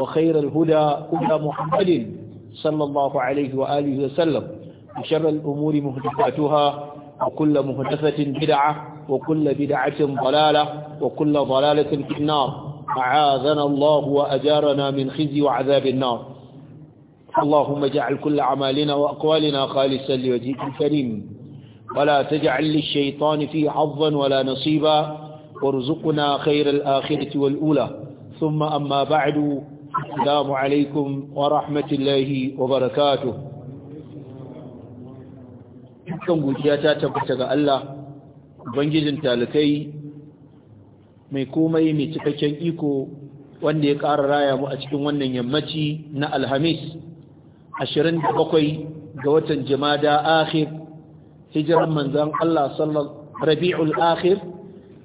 وخير الهدى هدى محمد صلى الله عليه وآله وسلم وشر الأمور مهدفاتها وكل مهدفة بدعة وكل بدعة ضلالة وكل ضلالة في النار أعاذنا الله وأجارنا من خزي وعذاب النار اللهم اجعل كل عمالنا وأقوالنا خالصا لوجهك الكريم ولا تجعل للشيطان فيه حظا ولا نصيبا وارزقنا خير الآخرة والأولى ثم أما بعد السلام عليكم ورحمة الله وبركاته dukkan gujiya ta tabbata ga Allah ubangijin talikai mai komai mai cikakken iko wanda ya ƙara raya mu a cikin wannan yammaci na alhamis 27 ga watan jimada akhir hijiran manzan Allah rabi'ul akhir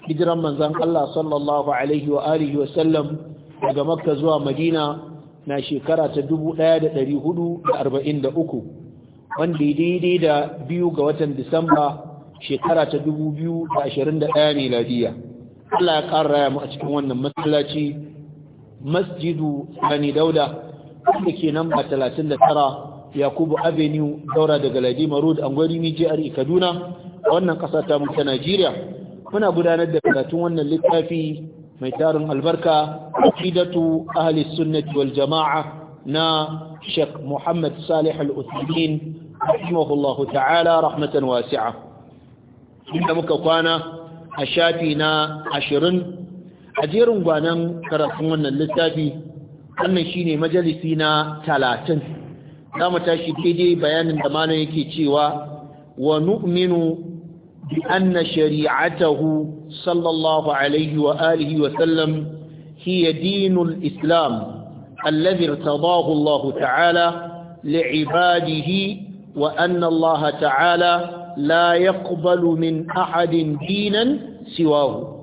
hijiran manzan Allah sallallahu alaihi wa alihi wa sallam daga makka zuwa madina na shekara ta 1443 wanda daidai da biyu ga watan disamba shekara ta 2021 miladiya Allah ya ƙara mu a cikin wannan masallaci masjidu sani dauda wanda ke nan ba 39 yakubu avenue daura daga ladima road angwarimi jihar kaduna a wannan ƙasa ta mu ta najeriya muna gudanar da karatun wannan littafi mai tarin albarka aqidatu ahli sunnati wal jama'a na Sheikh Muhammad Salih Al-Uthaymeen ta'ala rahmatan wasi'a inda muka kwana a shafi na ashirin a jerin gwanan karatun wannan littafi wannan shine majalisi na talatin za mu tashi daidai bayanin da malam yake cewa wa nu'minu بأن شريعته صلى الله عليه وآله وسلم هي دين الإسلام الذي ارتضاه الله تعالى لعباده وأن الله تعالى لا يقبل من أحد دينا سواه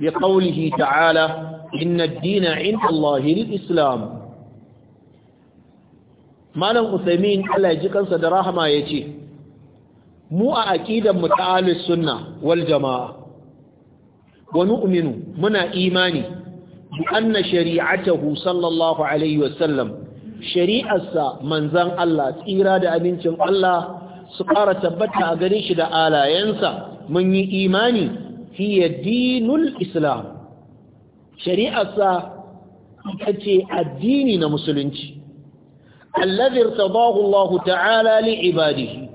بقوله تعالى إن الدين عند الله الإسلام ما أثمين ألا يجيكا صدراها ما يجيه mu a aqidan mu ta ahlus sunna wal jamaa wa nu'minu muna imani bi anna shari'atahu sallallahu alaihi wasallam shari'arsa manzan Allah tsira da abincin Allah su ƙara tabbata a gare shi da alayensa mun yi imani fiye dinul islam shari'arsa ita ce addini na musulunci allazir tabahu Allah ta'ala li ibadihi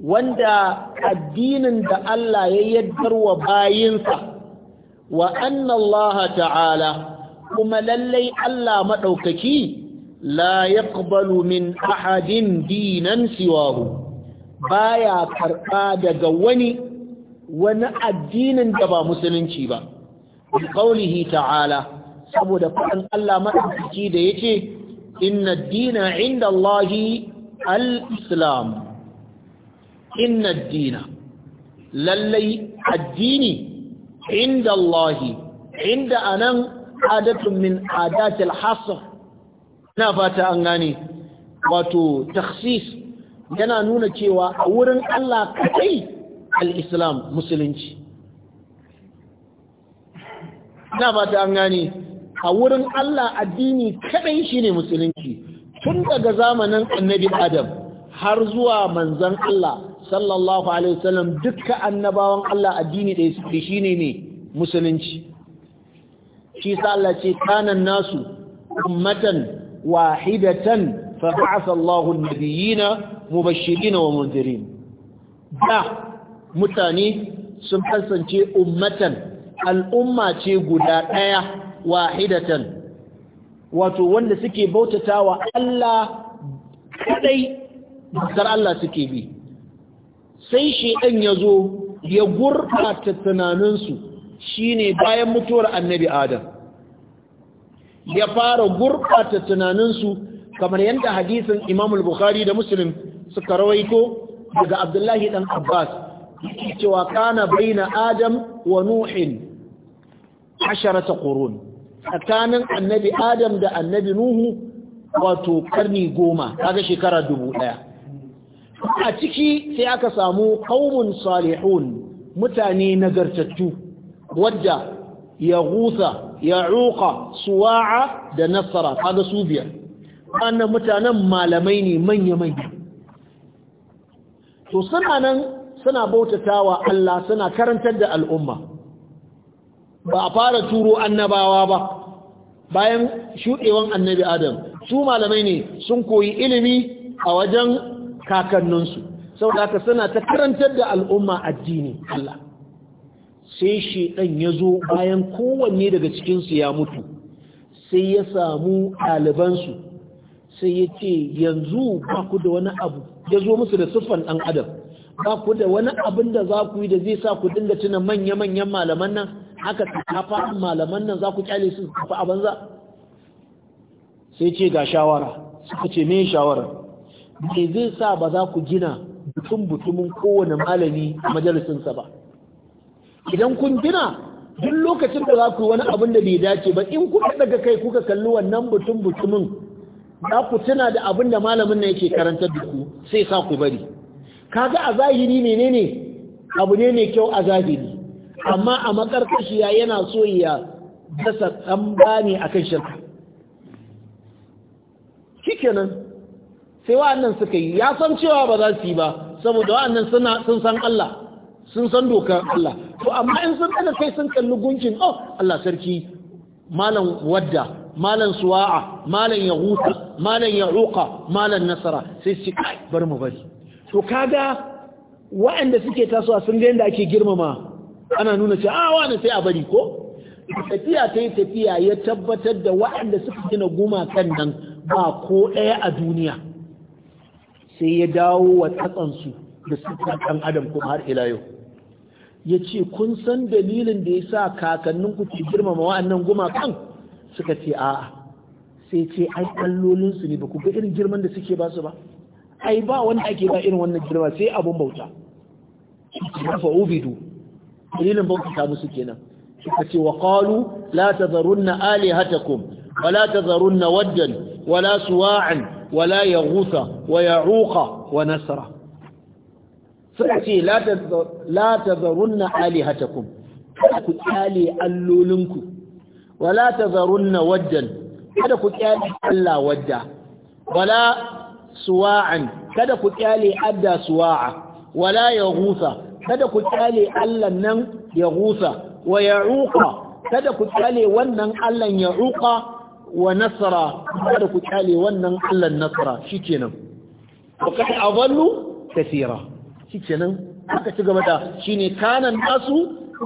wanda addinin da Allah ya yaddar wa bayinsa wa annallaha ta'ala kuma lallai Allah maɗaukaki la yaqbalu min ahadin dinan siwahu baya karɓa daga wani wani addinin da ba musulunci ba In qaulihi ta'ala saboda faɗin Allah maɗaukaki da ya inna ad-dina 'inda Allahi al-islam inna dina lallai addini inda Allahi inda anan adatun min adatil hasr na fata an gane wato taksis yana nuna cewa a wurin Allah kadai Al'islam musulunci na fata an gane a wurin Allah addini kadai shine musulunci tun daga zamanin annabi Adam har zuwa manzon Allah sallallahu alaihi wasallam dukkan annabawan Allah addini da su shine ne musulunci shi sa Allah ce kanan nasu ummatan wahidatan fa ba'atha Allahu nabiyina mubashirin wa munzirin da mutane sun kasance ummatan al'umma ce guda daya wahidatan wato wanda suke bautatawa Allah kadai bakar Allah suke bi sai shaidan ya zo ya gurɓata tunaninsu shi ne bayan mutuwar annabi adam ya fara gurɓata tunaninsu kamar yadda hadisin imamul bukhari da muslim suka rawaito daga abdullahi ɗan abbas cewa kana baina adam wa nuhin asharata qurun tsakanin annabi adam da annabi nuhu wato karni goma kaga shekara dubu ɗaya a ciki sai aka samu kaumun salihun mutane nagartattu wadda ya gusa ya ruka suwa'a da nasara kaga su biyar wannan mutanen malamai ne manya manya to suna nan suna bautata wa Allah suna karantar da al'umma ba a fara turo annabawa ba bayan shuɗewan annabi adam su malamai ne sun koyi ilimi a wajen kakanninsu saboda ka suna ta karantar da al'umma addini Allah sai ɗan ya zo bayan kowanne daga cikinsu ya mutu sai ya samu ɗalibansu sai ya ce yanzu ba ku da wani abu ya zo musu da siffan ɗan adam ba ku da wani abin da za ku yi da zai sa ku dinga tuna manya-manyan malaman nan haka kafa malaman nan za ku kyale su kafa a banza sai ce ga shawara suka ce me shawara me zai sa ba za ku gina butun butumin kowane malami a majalisinsa ba idan kun gina duk lokacin da za ku yi wani abin da bai dace ba in kuka daga kai kuka kalli wannan butun butumin za ku tuna da abin da malamin na yake karantar da ku sai sa ku bari kaga a zahiri menene abu ne mai kyau a zahiri amma a makarkashiya yana so ya dasa tsamba ne akan shirka shikenan sai wa'annan suka yi ya san cewa ba za su yi ba saboda wa'annan suna sun san Allah sun san dokar Allah to amma in sun kada kai sun kalli gunkin oh Allah sarki malam wadda malam suwa'a malam yahuta malam yahuqa, malam nasara sai su kai bar mu bari to kaga wa'anda suke tasowa sun ga yanda ake girmama ana nuna cewa a ah, wa'anda sai a bari ko tafiya ta yi tafiya ya tabbatar da wa'anda suka gina gumakan nan ba ko ɗaya a duniya sai ya dawo wa tsatsansu da sukar ɗan adam kuma har ila yau ya ce kun san dalilin da ya sa kakannin ku ke girmama wa'annan gumakan suka ce a'a sai ce ai allolinsu ne ba ku ga irin girman da suke ba su ba ai ba wanda ake ba irin wannan girma sai abun bauta fa ubidu dalilin bauta ta musu kenan suka ce wa qalu la tadharunna alihatakum wa la tadharunna waddan wa la suwa'an wala ya gusa wa ya uka wa nasara suka ce la ta zarunna alihatakum kada ku kyale allolinku wala ta zarunna waddan kada ku kyale Allah wadda wala suwa'an kada ku kyale adda suwa'a wala ya kada ku kyale nan ya wa ya kada ku kyale wannan Allah ya wa nasara kada ku kyale wannan Allah nasara shikenan wa kad adallu kaseera shikenan aka ci gaba da shine kanan nasu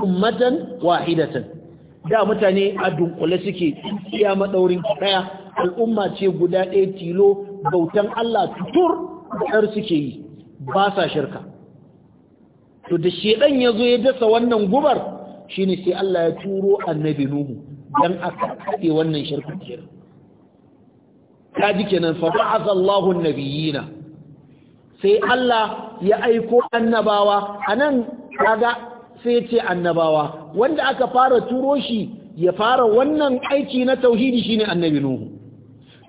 ummatan wahidatan da mutane a dunkule suke iya madaurin daya al'umma ce guda ɗaya tilo bautan Allah tutur ɗar suke yi ba sa shirka to da shedan yazo ya dasa wannan gubar shine sai Allah ya turo annabi nuhu dan aka kaɗe wannan shirkin kenan kaji kenan fa ba'atha Allahu an-nabiyina sai Allah ya aiko annabawa anan kaga sai ce annabawa wanda aka fara turo shi ya fara wannan aiki na tauhidi shine annabi Nuhu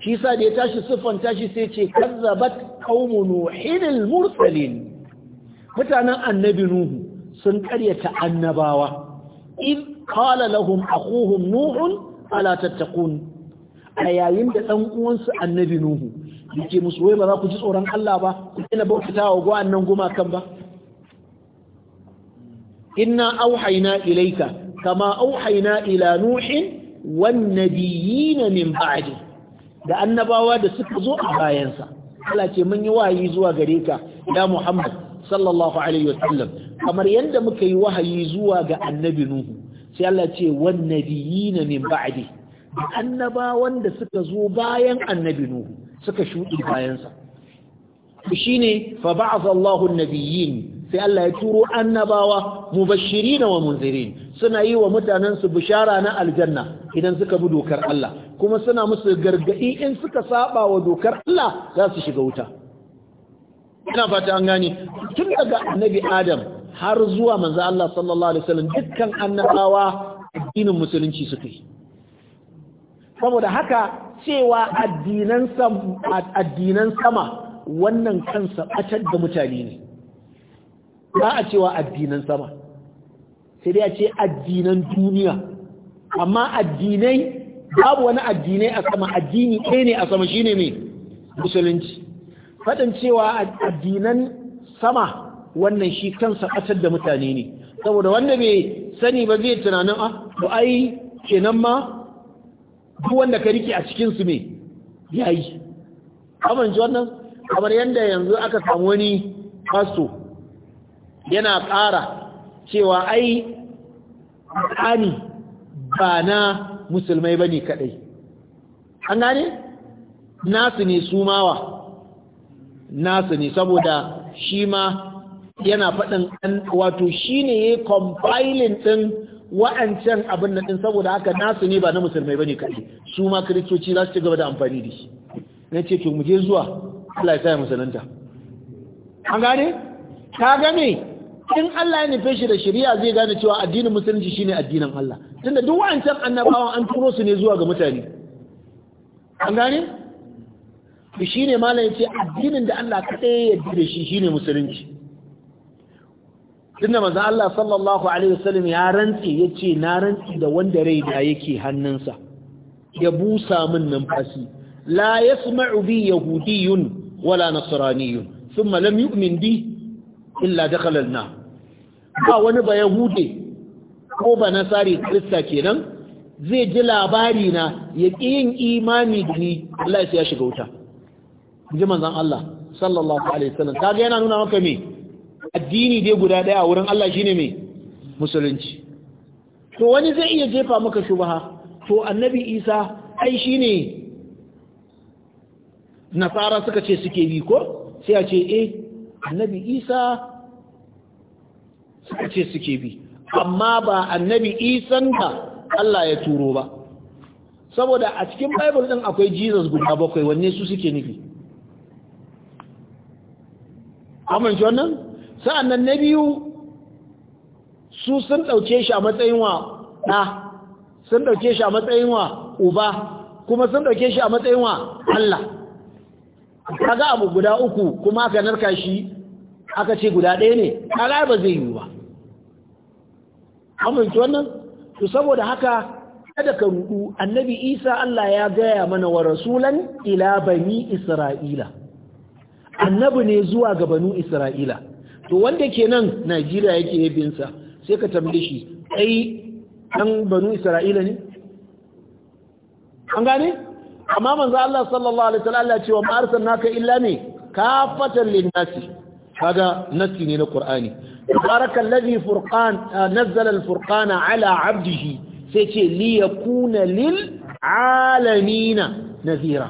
shi sa da ya tashi siffan tashi sai ce kazzabat qaumu nuhin al-mursalin mutanen annabi Nuhu sun karyata annabawa qala lahum akhuhum nuhun ala a yayin da dan uwansu annabi nuhu yake musu wai ba za ku ji tsoron Allah ba ku daina bautawa ga wannan kan ba inna auhayna ilayka kama auhayna ila nuhin wan nabiyyin min ba'di da annabawa da suka zo a bayansa Allah ce mun yi wahayi zuwa gare ka ya Muhammad sallallahu alaihi wasallam kamar yanda muka yi wahayi zuwa ga annabi Nuhu sai Allah ce wan nabiyina min ba'di annaba wanda suka zo bayan annabi nuhu suka shudi bayansa sa shine fa ba'atha Allahu an-nabiyyin sai Allah ya turo annabawa mubashirina wa munzirin suna yi wa mutanen su bishara na aljanna idan suka bi dokar Allah kuma suna musu gargadi in suka saba wa dokar Allah za su shiga wuta ina fata an gane tun daga annabi Adam har zuwa manzo Allah sallallahu alaihi wasallam dukkan annabawa addinin musulunci suka yi saboda haka cewa addinan sama addinan sama wannan kansa batar da mutane ne ba a cewa addinan sama sai dai a ce addinan duniya amma addinai babu wani addinai a sama addini ɗaya ne a sama shine ne musulunci faɗin cewa addinan sama wannan shi kansa atar da mutane ne saboda wanda bai sani ba zai tunanin a ah, to ai kenan ma duk wanda ka rike a cikin su me yayi ji wannan kamar yanda yanzu aka samu wani pasto yana ƙara cewa ai ƙani ba na musulmai bane kadai an gane nasu ne sumawa nasu ne saboda shi ma yana faɗin wato shine yi compiling ɗin wa'ancan abin nan ɗin saboda haka nasu ne ba na musulmai ne kai su ma kiristoci za su ci gaba da amfani da shi na ce to mu zuwa Allah ya sa ya musulunta an gane ka gane in Allah ya nufe shi da shari'a zai gane cewa addinin musulunci shine addinin Allah tunda duk wa'ancan annabawan an turo su ne zuwa ga mutane an gane shi ne malam ya ce addinin da Allah kaɗai ya yarda da shi shine musulunci tunda manzo Allah sallallahu alaihi wasallam ya rantsi yace na rantsi da wanda rai da yake hannunsa ya busa min numfashi la yasma'u bi yahudiyyun wala nasraniyyun thumma lam yu'min bi illa dakhala ba wani ba yahude ko ba nasari krista kenan zai ji labari na ya yin imani da ni Allah ya shiga wuta ji manzon Allah sallallahu alaihi wasallam kaga yana nuna maka me addini dai guda ɗaya wurin Allah shine mai musulunci to wani zai iya jefa maka shubaha, to annabi isa ai shine nasara suka ce suke bi ko sai a ce eh annabi isa suka ce suke bi amma ba annabi isan da Allah ya turo ba saboda a cikin bible din akwai jesus guda bakwai wanne su suke nufi amince wannan sa'an nan na biyu su sun ɗauke shi a matsayin wa ɗa sun ɗauke shi a matsayin wa uba kuma sun ɗauke shi a matsayin wa Allah kaga abu guda uku kuma aka narka shi aka ce guda ɗaya ne kaga ba zai yi ba amince wannan to saboda haka kada ka rudu annabi Isa Allah ya gaya mana wa rasulan ila bani Isra'ila annabi ne zuwa ga banu Isra'ila to wanda ke nan najeriya yake yabinsa sai ka tambaye shi ai an banu isra'ila ne an gane amma manzo Allah sallallahu alaihi wasallam ce wa ma ka illa ne kafatan linnasi kaga nasi ne na qur'ani tabaraka allazi furqan ah, nazzala alfurqana ala abdihi sai ce li yakuna lil 'alamin nazira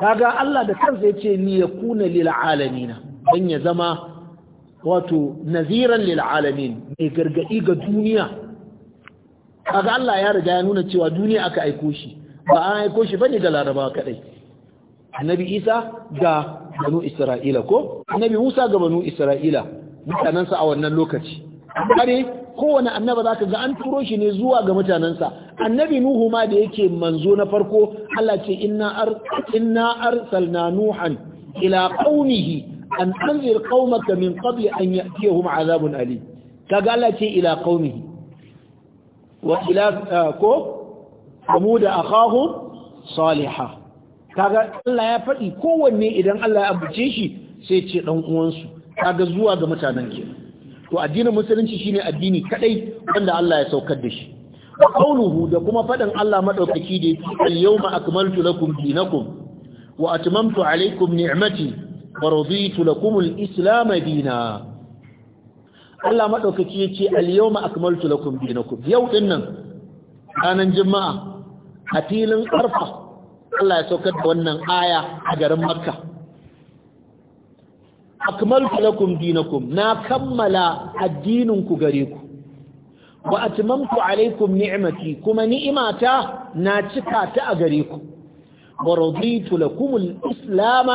kaga Allah da kansa yace li yakuna lil alamina don ya zama wato naziran lil mai gargadi ga duniya kaga Allah ya riga ya nuna cewa duniya aka aiko shi ba an aiko shi bane da Laraba kadai annabi Isa ga banu Isra'ila ko annabi Musa ga banu Isra'ila mutanansa a wannan lokaci kare kowane annaba zaka ga an turo shi ne zuwa ga mutanansa annabi Nuhu ma da yake manzo na farko Allah ce inna ar inna arsalna nuhan ila qaumihi an anzir qaumaka min qabl an ya'tiyahum 'adhabun alim kaga Allah ce ila qaumihi wa ila ko samuda akhahum salihah kaga Allah ya faɗi kowanne idan Allah ya abuce shi sai ce dan uwansu kaga zuwa ga mutanen ke to addinin musulunci shine addini kadai wanda Allah ya saukar da shi wa da kuma faɗin Allah madaukaki da yau ma akmaltu lakum dinakum wa atmamtu alaykum ni'mati wa raditu lakum islam dina Allah madaukaki yace al-yawma akmaltu lakum dinakum yau nan, ranan juma'a a filin arfa Allah ya saukar da wannan aya a garin makka akmaltu lakum dinakum na kammala addininku gare ku wa atmamtu alaikum ni'mati kuma ni'imata na cika ta a gare ku wa raditu lakum al-islam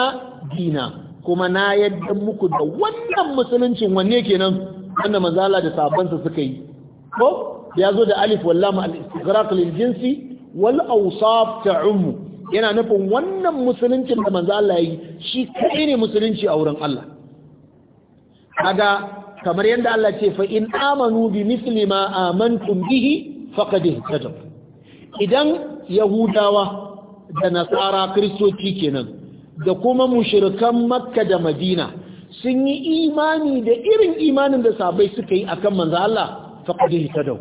dina kuma na yadda muku da wannan musuluncin wanne kenan wanda manzala da sabansa suka yi ko ya zo da alif wallam al-istighraq lil jinsi wal awsaf ta'um yana nufin wannan musuluncin da manzo Allah yi shi kai ne musulunci a wurin Allah kaga kamar yadda Allah ce fa in amanu bi misli ma amantum bihi faqad ihtadaw idan yahudawa da nasara kristoci kenan da kuma mushirikan makka da madina sun yi imani da irin imanin da sabai suka yi akan manzo Allah faqad ihtadaw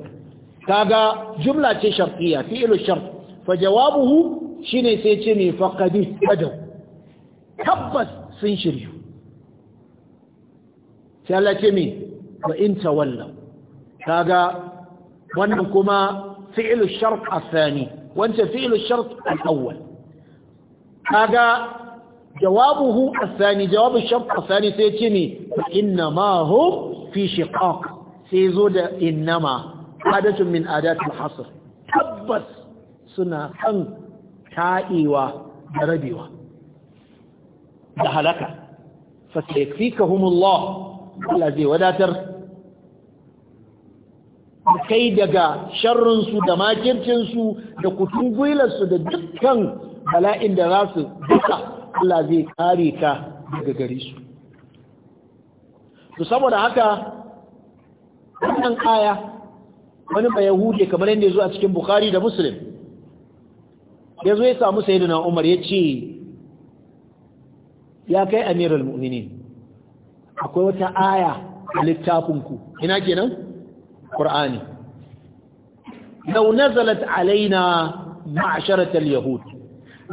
kaga jumla ce shartiyya fi'lu shart fa jawabuhu ne sai ce ne ta dau. tabbas sun shirya. sai Allah ce me wa in tawalla kaga wannan kuma fi'lu shart athani wanda fi'lu shart al-awwal kaga jawabuhu asani jawabu shaq asani sai ce ne inna ma hum fi shiqaq sai zo da innama adatun min adatul hasr tabbas suna kan ta'iwa da rabewa da halaka fa sayfikahumullah Allah zai wadatar kai daga sharrinsu da makircinsu da kutun su da dukkan bala'in da za su duka Allah zai kare ka daga gare su to saboda haka wannan aya wani mai Yahudi kamar yadda ya zo a cikin bukhari da muslim ya zo ya samu sayyidina umar ya ce ya kai al mu'minin akwai wata aya a littafinku ina kenan qur'ani law nazalat alaina ma'sharat al-yahud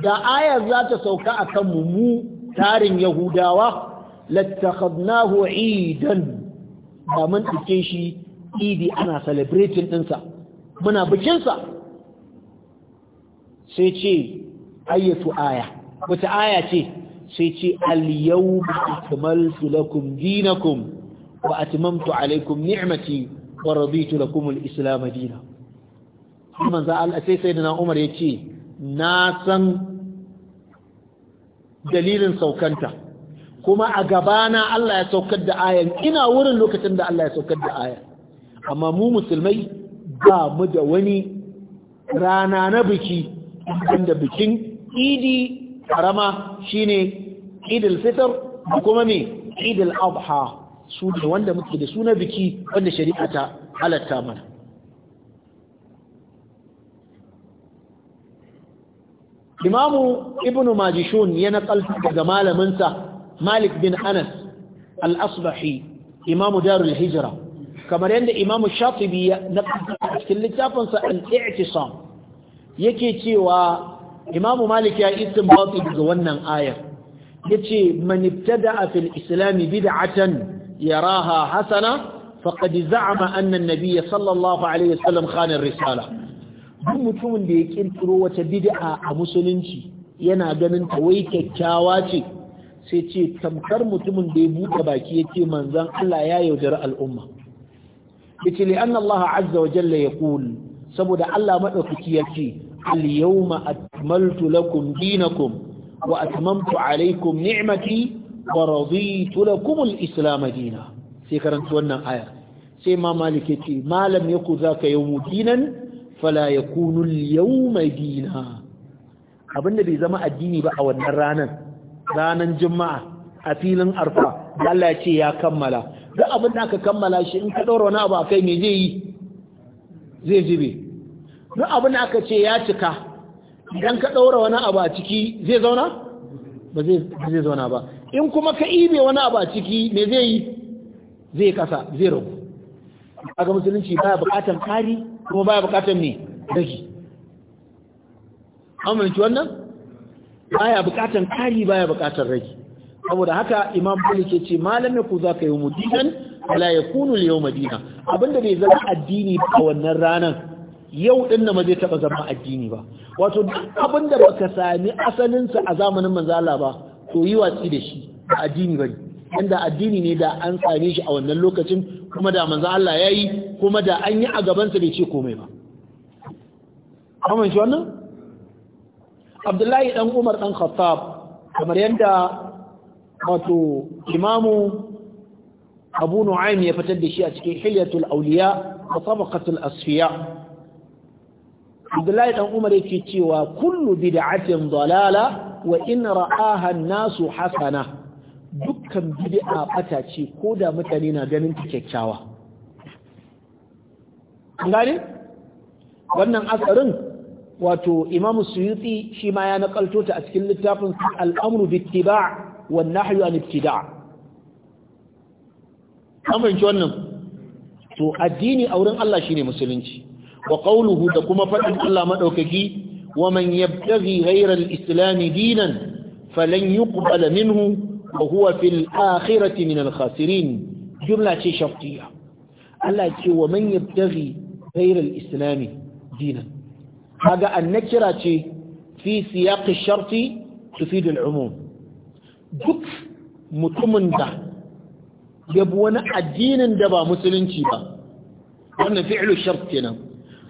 da aya za ta sauka a kan mu tarin yahudawa lattakhadnahu idan ba mun ɗauke shi idi ana celebrating ɗinsa muna bikinsa sai ce ayyatu aya wata aya ce sai ce al-yawma akmaltu lakum dinakum wa atmamtu alaykum ni'mati wa raditu lakum al-islam dinan manzo Allah sai sayyidina Umar yace na san dalilin saukanta kuma a gabana Allah ya saukar da ayan ina wurin lokacin da Allah ya saukar da ayan amma mu musulmai ba mu da wani rana na biki wanda bikin idi karama shine idil fitr kuma me idil adha su da wanda muke da suna biki wanda shari'a ta halatta mana imamu ibnu majishun ya nakalta daga malaminsa malik bin anas al-asbahi imamu darul hijra kamar yadda imamu shatibi ya nakalta cikin littafinsa al-i'tisam yake cewa imamu malik ya istinbati daga wannan ayar yace man ibtada fil islam bid'atan yaraha hasana faqad za'ama anna an-nabiy sallallahu alaihi wasallam khana ar-risala duk mutumin da ya kirkiro wata bid'a a musulunci yana ganin ta wai kyakkyawa ce sai ce tamkar mutumin da ya buɗe baki yake manzon Allah ya yaudari al'umma yace li anna Allah azza wa jalla yaqul saboda Allah ya ce. al yawma akmaltu lakum dinakum wa atmamtu alaykum ni'mati wa raditu lakum al islam dina sai karanta wannan aya sai ma malik yace malam yaku zaka yawmu dinan fala yakunu al-yawma dina abinda bai zama addini ba a wannan ranan ranan juma'a a filin arfa da Allah ya ce ya kammala duk abinda aka kammala shi in ka daura wani abu akai me zai yi zai jibe duk abinda aka ce ya cika idan ka daura wani abu a ciki zai zauna ba zai zauna ba in kuma ka ibe wani abu a ciki me zai yi zai kasa zai rabu kaga musulunci ba bukatan kari kuma baya bukatar me rage amince wannan baya bukatar kari baya bukatar rage saboda haka imam malik ya ce malamin ku za ka yi mudidan wala ya kunu li yau madina abinda bai zama addini a wannan ranar yau din na ba zai taba zama addini ba wato abinda baka sami asalinsa a zamanin manzala ba to yi watsi da shi ba addini bane inda addini ne da an same shi a wannan lokacin kuma da manzo Allah ya yi kuma da an yi a gabansa bai ce komai ba amince wannan abdullahi ɗan umar ɗan khattab kamar yadda wato imamu abu nu'aym ya fitar da shi a cikin hilyatul awliya wa tabaqatul asfiya abdullahi ɗan umar yake cewa kullu bid'atin dalala wa in ra'aha an-nasu hasana dukkan bid'a bata ce ko da mutane na ganin ta kyakkyawa an gane wannan asarin wato imamu suyuti shi ma ya nakalto ta a cikin littafin al'amru bittiba wa nahyu an ibtida an fahimci wannan to addini a wurin Allah shine musulunci wa qawluhu da kuma faɗin Allah madaukaki wa man yabtaghi ghayra al-islam dinan falan yuqbala minhu wa huwa fil akhirati min al khasirin jumla ce shartiyya Allah ce wa man yabtaghi ghayra al islam dinan kaga annakira ce fi siyaq al sharti tufid al umum duk mutumin da ya bi wani addinin da ba musulunci ba wannan fi'lu shart kenan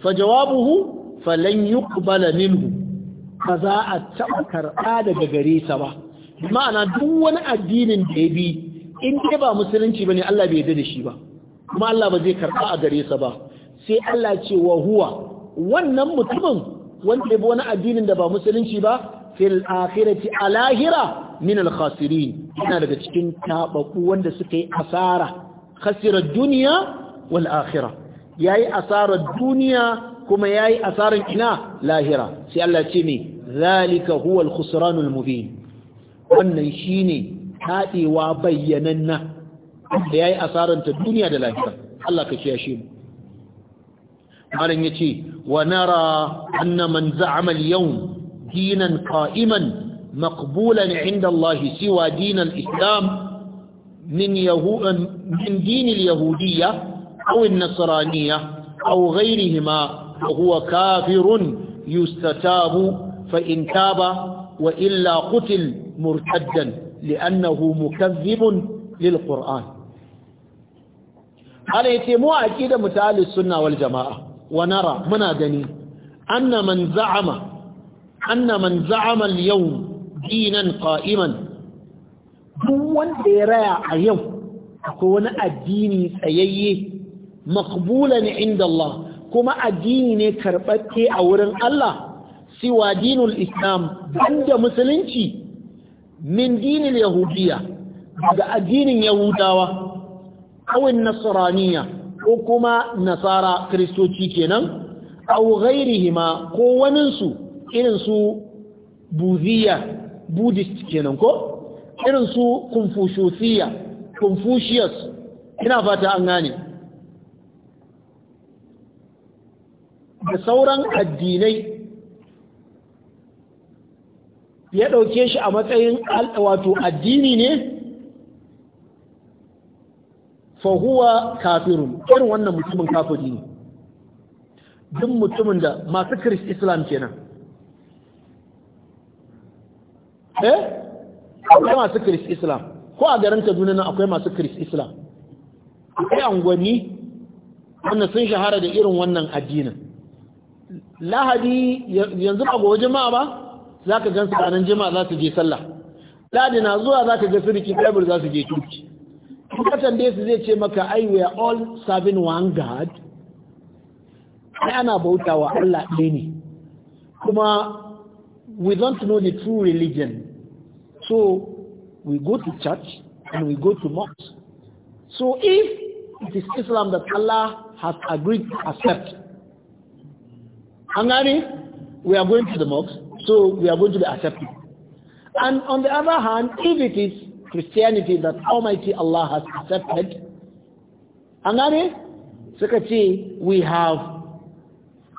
fa jawabuhu falan yuqbala minhu ba za a taɓa karɓa daga gare sa ba ma'ana duk wani addinin da ya bi in dai ba musulunci bane Allah bai yarda da shi ba kuma Allah ba zai karba a gare sa ba sai Allah ce wa huwa wannan mutumin wanda ya bi wani addinin da ba musulunci ba fil akhirati alahira min al khasirin yana daga cikin tabaku wanda suka yi asara khasira dunya wal akhirah yayi asarar duniya kuma yayi asarar ina lahira sai Allah ce ne zalika huwa al khusranul mubin wannan shi ne taɗewa bayyanan na da ya yi asaranta duniya da lafiya Allah ka shi ya shi marin ya ce wa nara annaman za'amal yau dinan ka'iman makbulan inda Allah siwa islam min dinil yahudiya awin nasaraniya aw ghairihima wa huwa kafirun yustatabu fa in taba wa illa qutila مرتدا لأنه مكذب للقرآن على يتمو أكيد متعال السنة والجماعة ونرى من أدني أن من زعم أن من زعم اليوم دينا قائما دون ديراء يوم أكون الدين سيئي مقبولا عند الله كما الدين كربتي أورن الله سوى دين الإسلام عند مسلمتي min dinil yahudiyya daga addinin yahudawa awin nasraniya ko kuma nasara kristoci kenan aw ghairihima ko waninsu irin su buziya buddhist kenan ko irin su confuciusiya confucius ina fata an gane da sauran addinai ya ɗauke shi a matsayin wato addini ne fahuwa kafirun irin wannan mutumin kafiri ne duk mutumin da masu kirist islam kenan eh akwai masu kirist islam ko a garin kaduna nan akwai masu kirist islam akwai angwani wanda sun shahara da irin wannan addinin lahadi yanzu ba gobe ma ba za ka gansu su ranar jima'a za su je sallah ladi na zuwa za ka gasu su riki kabir za su je turki katan da su zai ce maka ai we are all serving one god ai ana bautawa Allah ɗaya ne kuma we don't know the true religion so we go to church and we go to mosque so if it is Islam that Allah has agreed to accept. Hungary, we are going to the mosque. So we are going to be accepted. And on the other hand, if it is Christianity that Almighty Allah has accepted, an gane ce we have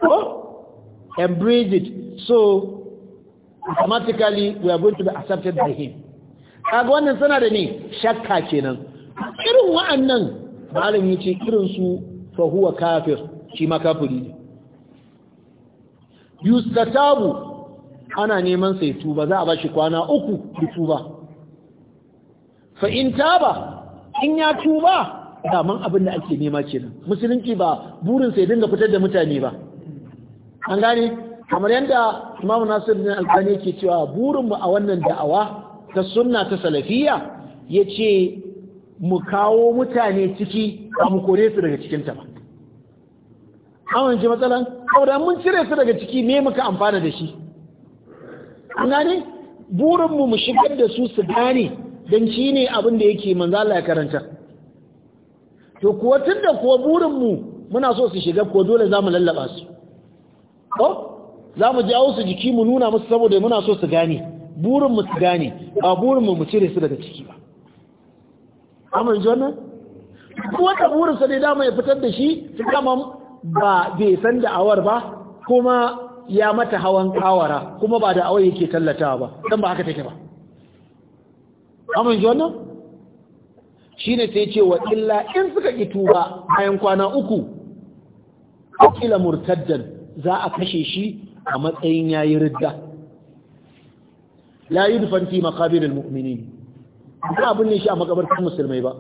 oh, embraced it. So automatically we are going to be accepted by him. Kaga wannan suna da ne shakka nan, Irin wa'annan malam yace irin su fa huwa kafir shi makafuri kafiri ne. Yustatabu ana neman sai tuba za a ba shi kwana uku da tuba fa in taba in ya tuba daman abin da ake nema kenan musulunci ba burin sai dinga fitar da mutane ba an gane kamar yadda imamu nasir bin albani yake cewa burin mu a wannan da'awa ta sunna ta salafiya ya ce mu kawo mutane ciki a mu kore su daga cikinta ba awon ji matsalan saboda mun cire su daga ciki me muka amfana da shi an gane burinmu mu shigar da su su gane don shi ne abin da yake manzala ya karanta to kuwa tun da kuwa burinmu muna so su shiga ko dole za mu lallaba su ko za mu jawo su jiki mu nuna musu saboda muna so su gane burinmu su gane ba burinmu mu cire su daga ciki ba amur jona ta burinsa ne dama ya fitar da shi su kama ba bai san da awar ba kuma ya mata hawan kawara kuma ba da awai yake tallatawa ba dan ba haka take ba amin ji wannan shine sai ce wa illa in suka ki tuba bayan kwana uku akila murtaddan za a kashe shi a matsayin yayi ridda la yudfan fi maqabir almu'minin ba abun ne shi a makabartar musulmai ba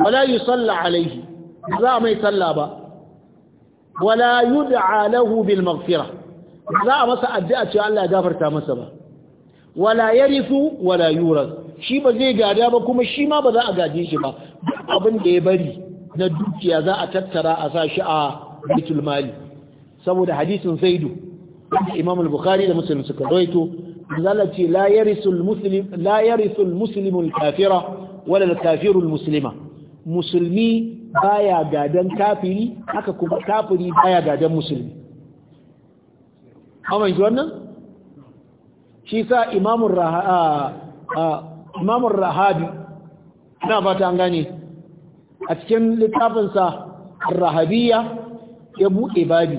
wala yusalla alaihi za mai salla ba wala yud'a lahu bil maghfira za a masa addu'a cewa Allah ya gafarta masa ba wala yarisu wala yurad shi ba zai gada ba kuma shi ma ba za a gaje shi ba abin da ya bari na dukiya za a tattara a sa shi a baitul mali saboda hadisin zaidu imam al-bukhari da muslim suka rawaito zalla la yarisu al-muslim la yarisu al-muslimu al-kafira wala al-kafiru al-muslima musulmi baya gadan kafiri haka kuma kafiri baya gadan musulmi amma ji wannan shi sa imamul rahabi ina fata an gane a cikin littafinsa rahabiya ya buɗe babi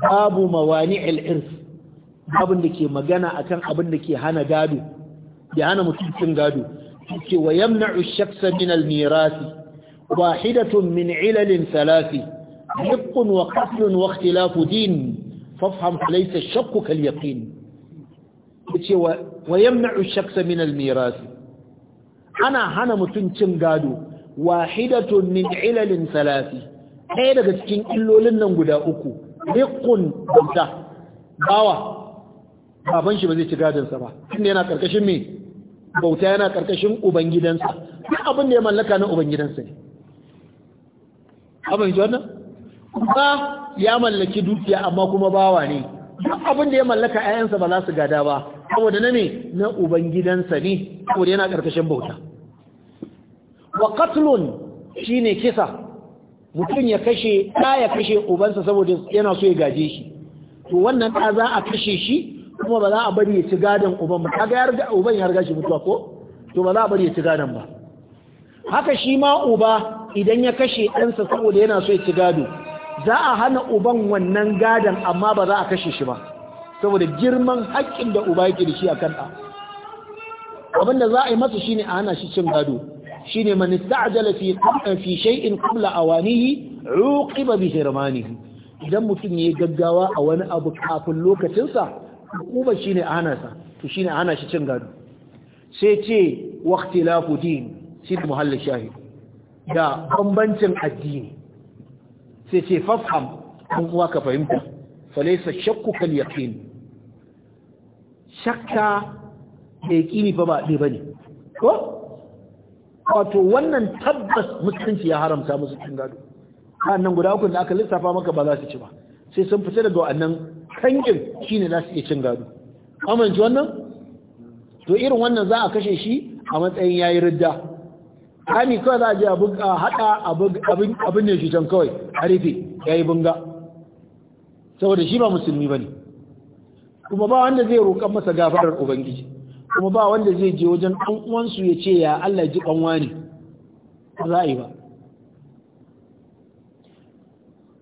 babu mawani'il irs babin da ke magana akan abin da ke hana gado ya hana mutum cin gado ke wa yamna'u shaksa min al-mirasi واحدة من علل ثلاث حق وقتل واختلاف دين فافهم فليس الشك كاليقين ويمنع الشخص من الميراث أنا هنا متنشن قادو واحدة من علل ثلاث ɗaya daga cikin illolin nan guda uku rikun bauta bawa baban shi ba zai ci gadonsa ba tun yana karkashin me bauta yana karkashin ubangidansa duk abin da ya mallaka na ubangidansa ne abin shi wannan ba ya mallaki dukiya amma kuma bawa ne abin da ya mallaka 'ya'yansa ba za su gada ba saboda na ne na ubangidansa ne saboda yana karkashin bauta wa shi ne kisa mutum ya kashe ɗa ya kashe ubansa saboda yana so ya gaje shi to wannan ɗa za a kashe shi kuma ba za a bari ya ci gadon uban ba ga uban ya riga shi mutuwa ko to ba za a bari ya ci gadon ba haka shi ma uba idan ya kashe ɗansa saboda yana so ya ci gado za a hana uban wannan gadon amma ba za a kashe shi ba saboda girman haƙƙin da uba yake da shi a kan abin da za a yi masa shine a hana shi cin gado shine man ista'jala fi fi shay'in qabla awanihi uqiba bi hirmanihi idan mutum yayi gaggawa a wani abu kafin lokacinsa hukuma shine a hana sa to shine a hana shi cin gado sai ce waqtilafu din sid muhallin shahid da bambancin addini sai ce fafham an uwa ka fahimta falaisa shakku kal yaqin shakka da yaqini fa ba dai bane ko wato wannan tabbas musulunci ya haramta musu cin gado nan guda uku da aka lissafa maka ba za su ci ba sai sun fita daga wannan kangin shine za su iya cin gado amince wannan to irin wannan za a kashe shi a matsayin yayi ridda rami kawai za a je a haɗa abin ne shi can kawai a rufe ya yi bunga saboda shi ba musulmi ba ne kuma ba wanda zai roƙa masa gafarar ubangiji kuma ba wanda zai je wajen ɗan ya ce ya Allah ji ɓanwa ne ba za a yi ba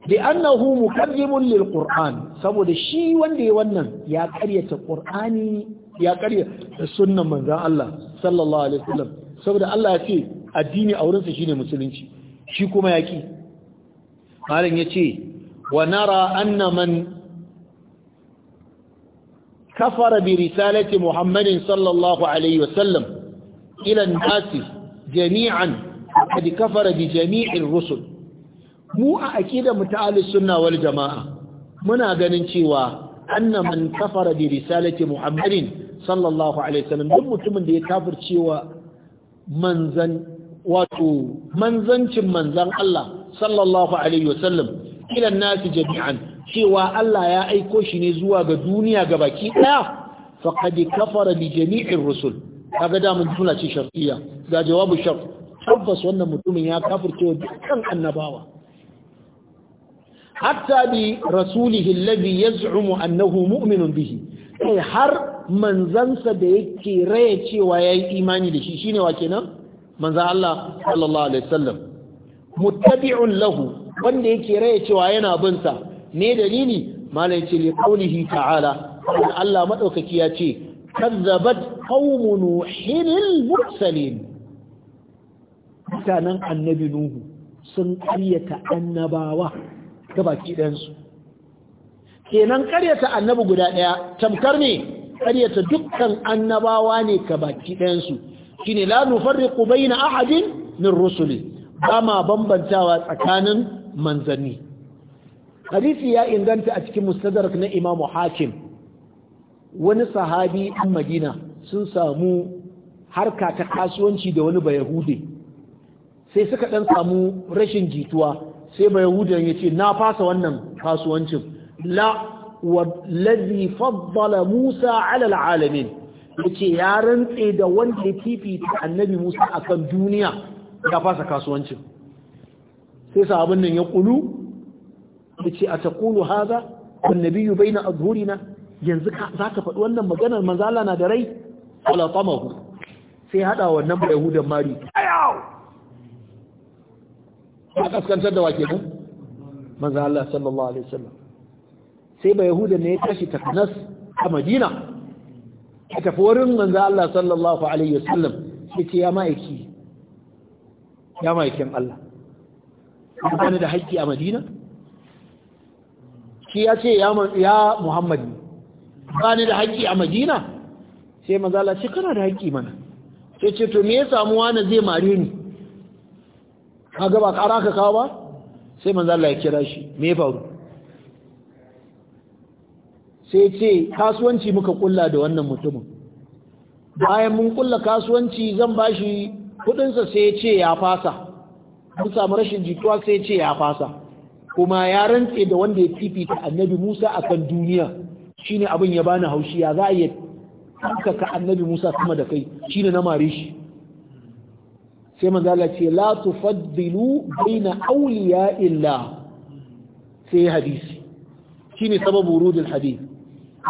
Da mun lil للقرآن saboda shi wanda ya wannan ya karyata Qur'ani ya ƙaryata sunan manzon Allah sallallahu alaihi wasallam saboda Allah ya ce addini a wurinsa shine musulunci shi kuma yaki malam yace wa nara anna man kafara bi risalati muhammadin sallallahu alaihi wasallam ila an jami'an kad kafara bi jami'ir rusul mu a aqida muta'allis sunna wal jama'a muna ganin cewa anna man kafara bi risalati muhammadin sallallahu alaihi wasallam duk mutumin da ya kafircewa manzan wato manzancin manzan Allah sallallahu alaihi wasallam ila nasi jami'an cewa Allah ya aiko shi ne zuwa ga duniya ga baki daya faqad kafara bi jami'ir rusul kaga da mun tuna ce shar'iyya ga jawabu shar tabbas wannan mutumin ya kafirce wa dukkan annabawa hatta bi rasulihi alladhi yaz'umu annahu mu'minun bihi kai har manzansa da yake raya cewa yayi imani da shi shine wa kenan manzo Allah sallallahu alaihi wasallam muttabi'un lahu wanda yake raye cewa yana bin sa ne dalili malai ce li qawlihi ta'ala Allah madaukaki ya ce kazzabat qaumu nuhil mursalin mutanen annabi nuhu sun karyata annabawa ga baki su kenan karyata annabi guda ɗaya tamkar ne karyata dukkan annabawa ne ka baki su shine la nufarriqu baina ahadin min rusuli ba ma bambantawa tsakanin manzanni hadisi ya inganta a cikin mustadrak na imamu hakim wani sahabi ɗan madina sun samu harka ta kasuwanci da wani bayahude sai suka ɗan samu rashin jituwa sai bayahudan ya ce na fasa wannan kasuwancin la wallazi faddala musa ala alamin yace ya rantse da wanda ya fifita annabi Musa akan duniya ya fasa kasuwancin sai sahabin nan ya kulu yace ataqulu hadha wan nabiyyu baina adhurina yanzu za ka faɗi wannan maganar manzala na da rai wala tamahu sai hada wannan bai Yahudan mari ya kaskantar da wake din manzo Allah sallallahu alaihi wasallam sai bai Yahudan ne ya tashi taknas a Madina ka tafi wurin manzo Allah sallallahu alaihi wasallam yace ya ma'aiki ya ma'aikin Allah kana da haƙƙi a Madina shi ya ce ya Muhammad kana da haƙƙi a Madina sai manzo Allah shi kana da haƙƙi mana sai ce to me ya samu wani zai mare ni kaga ba ƙara ka kawo ba sai manzo Allah ya kira shi me ya faru sai ce kasuwanci muka kulla da wannan mutumin bayan mun kulla kasuwanci zan bashi kudinsa sai ce ya fasa mun samu rashin jituwa sai ce ya fasa kuma ya rantse da wanda ya fifita annabi Musa akan duniya shine abin ya bani haushi ya za a yi ka annabi Musa kuma da kai shine na mare shi sai manzo Allah ce la tufaddilu baina auliya illa sai hadisi shine sababu wurudul hadith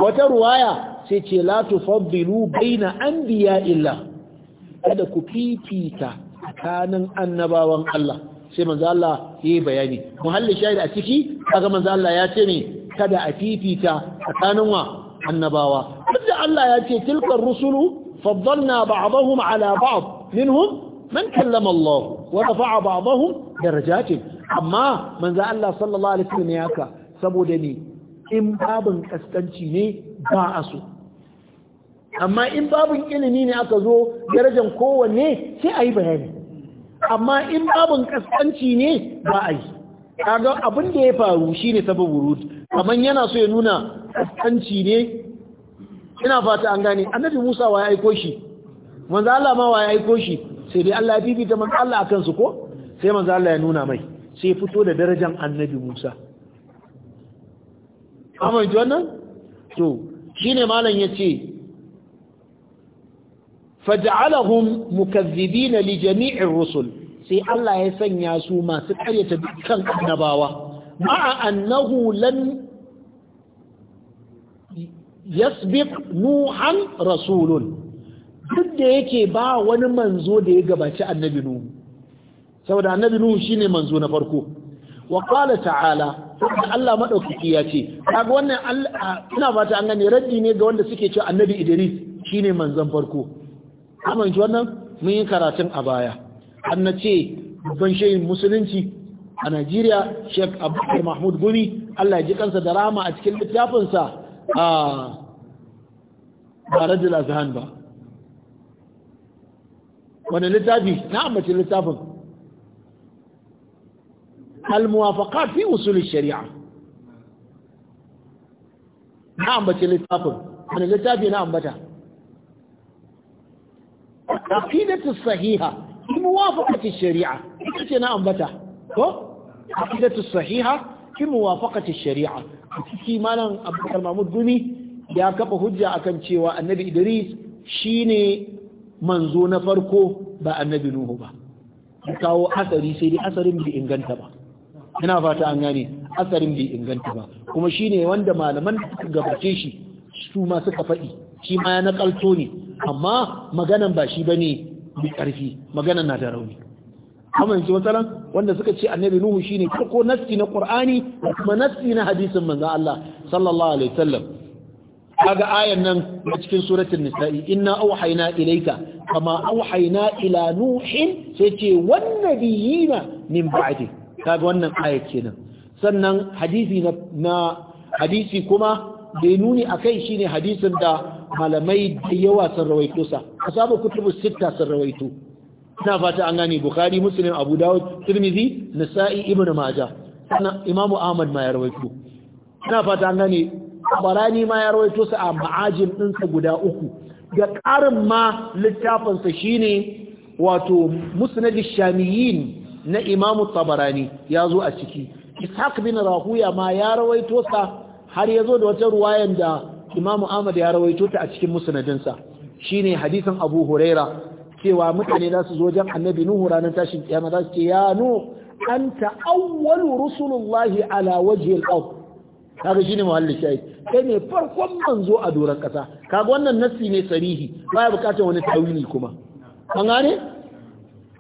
wata ruwaya sai ce la tufaddilu baina anbiya illa kada ku fifita tsakanin annabawan Allah sai manzo Allah yayi bayani Muhalli shahid a ciki kaga manzo Allah ya ce ne kada a fifita tsakanin wa annabawa duk Allah ya ce tilkar rusulu faddalna ba'dahum ala ba'd minhum man kallama Allah wa rafa'a ba'dahum darajatin amma manzo Allah sallallahu alaihi wasallam ya ka saboda ni in babin kaskanci ne ba a so amma in babin ilimi ne aka zo darajar kowanne sai a yi bayani amma in babin kaskanci ne ba a yi kaga abin da ya faru shine sababu rut kamar yana so ya nuna kaskanci ne ina fata an gane annabi Musa wa ya aiko shi manzo Allah ma wa ya aiko shi sai dai Allah ya bibita manzo Allah akan su ko sai manzo Allah ya nuna mai sai fito da darajar annabi Musa amma yi wannan to shine malam yace faj'alahum na li jami'in rusul sai Allah ya sanya su masu karyata dukkan annabawa ma'a annahu lan yasbiq nuhan rasulun duk da yake ba wani manzo da ya gabaci annabi nuhu saboda annabi nuhu shine manzo na farko wa qala ta'ala saboda Allah madaukaki ya ce kaga wannan ina fata an gane raddi ne ga wanda suke cewa annabi Idris shine manzon farko amma ji wannan mun yi karatun a baya an ce babban shehin musulunci a Najeriya Sheikh Abubakar Mahmud Gumi Allah ya ji kansa da rahama a cikin littafinsa a ba Radul Azhan ba wani littafi na amince littafin al-muwafaqat fi usul shari'a na ambace littafin wani littafi na ambata aqidatu sahiha fi muwafaqati shari'a ita ce na ambata ko aqidatu sahiha fi muwafaqati shari'a kiki malam abubakar mahmud gumi ya kafa hujja akan cewa annabi idris shine manzo na farko ba annabi nuhu ba kawo asari sai dai asarin bai inganta ba ina fata an gane asarin bai inganta ba kuma shine wanda malaman gabace shi su ma suka faɗi shi ma ya nakalto ne amma maganan ba shi bane bi ƙarfi maganan na da rauni amma yanzu matsalan wanda suka ce annabi nuhu shine farko nassi na qur'ani da kuma nassi na hadisin manzo Allah sallallahu alaihi wasallam kaga ayan nan a cikin suratul nisa'i inna auhayna ilayka kama auhayna ila nuhin sai ce wan min kaga wannan ayat kenan sannan hadisi na, na hadisi kuma da nuni akai shine hadisin da malamai da yawa sun rawaito sa asabu kutubu sitta sun rawaito ina fata an gane bukhari muslim abu dawud tirmidhi nasa'i ibnu majah sannan imamu ahmad ma ya rawaito ina fata an gane barani ma ya rawaito sa a ma'ajin ɗinsa guda uku ga ƙarin ma littafinsa shine wato musnad shamiyin na imamu tabarani ya zo a ciki ishaq bin rahuya ma ya rawaito sa har ya zo da wata ruwayan da imamu ahmad ya rawaito ta a cikin musnadinsa shine hadisin abu huraira cewa mutane za su zo jan annabi nuhu ranar tashin kiyama za su ce ya nu anta awwalu rusulullahi ala wajhi al-ard kaga shine muhallin shayi kai ne farkon manzo a doron kasa kaga wannan nassi ne sarihi baya bukatar wani tawili kuma an gane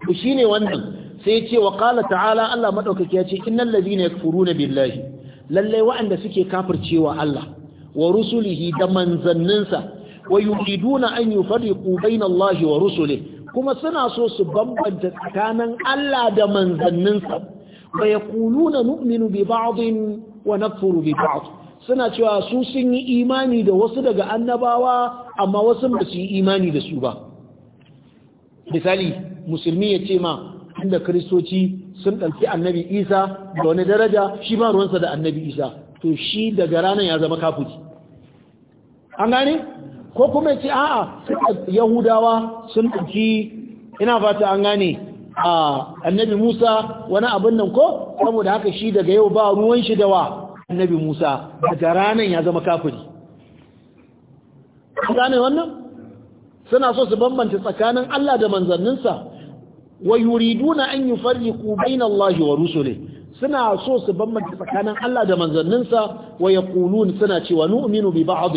ku shine wannan sai ya ce wa ta'ala Allah maɗaukaki ya ce innal ladhina yakfuruna billahi lallai waɗanda suke kafircewa Allah wa rusulihi da manzanninsa wa yuriduna an yufarriqu bainallahi wa rusuli. kuma suna so su bambanta tsakanin Allah da manzanninsa wa na nu'minu bi ba'dhin wa nakfuru bi suna cewa su sun yi imani da wasu daga annabawa amma wasu ba su yi imani da su ba misali musulmi ya ce ma tunda kristoci sun ɗauki annabi isa da wani daraja shi ba ruwansa da annabi isa to shi daga ranar ya zama kafuci an gane ko kuma ce a'a yahudawa sun ɗauki ina fata an gane a annabi musa wani abin nan ko saboda haka shi daga yau ba ruwan shi da wa annabi musa daga ranar ya zama kafuci an gane wannan suna so su bambanta tsakanin allah da manzanninsa wa yuriduna an yufarriqu bayna Allahi wa rusulihi suna so su bambanta tsakanin Allah da manzanninsa wa yaqulun suna cewa nu'minu bi ba'd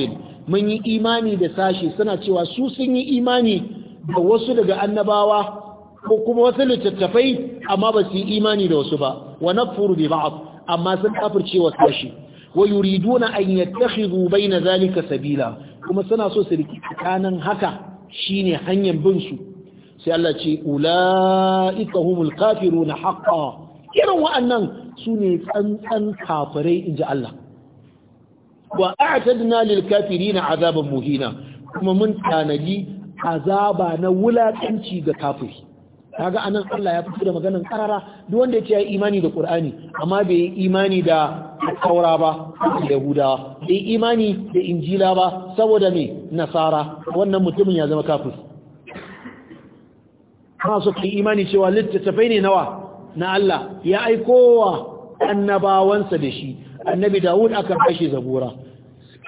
mun yi imani da sashe suna cewa su sun yi imani da wasu daga annabawa ko kuma wasu littattafai amma ba su yi imani da wasu ba wa nafuru bi ba'd amma sun kafirce wa sashi wa yuriduna an yattakhidhu bayna zalika sabila kuma suna so su riki tsakanin haka shine hanyar bin su sai Allah ce ula'ika humul na haqqan irin wa'annan ne tsantsan kafirai inji Allah wa a'tadna lil na azaban muhina kuma mun azaba na wulaƙanci ga kafiri ga anan Allah ya fito da maganin ƙarara. duk wanda ya ce ya imani da ƙur'ani, amma bai yi imani da Taura ba da Yahudawa bai imani da Injila ba saboda mai nasara wannan mutumin ya zama kafiri kana so ka imani cewa littattafai ne nawa na Allah ya aikowa annabawansa da shi annabi Dawud aka bashi zabura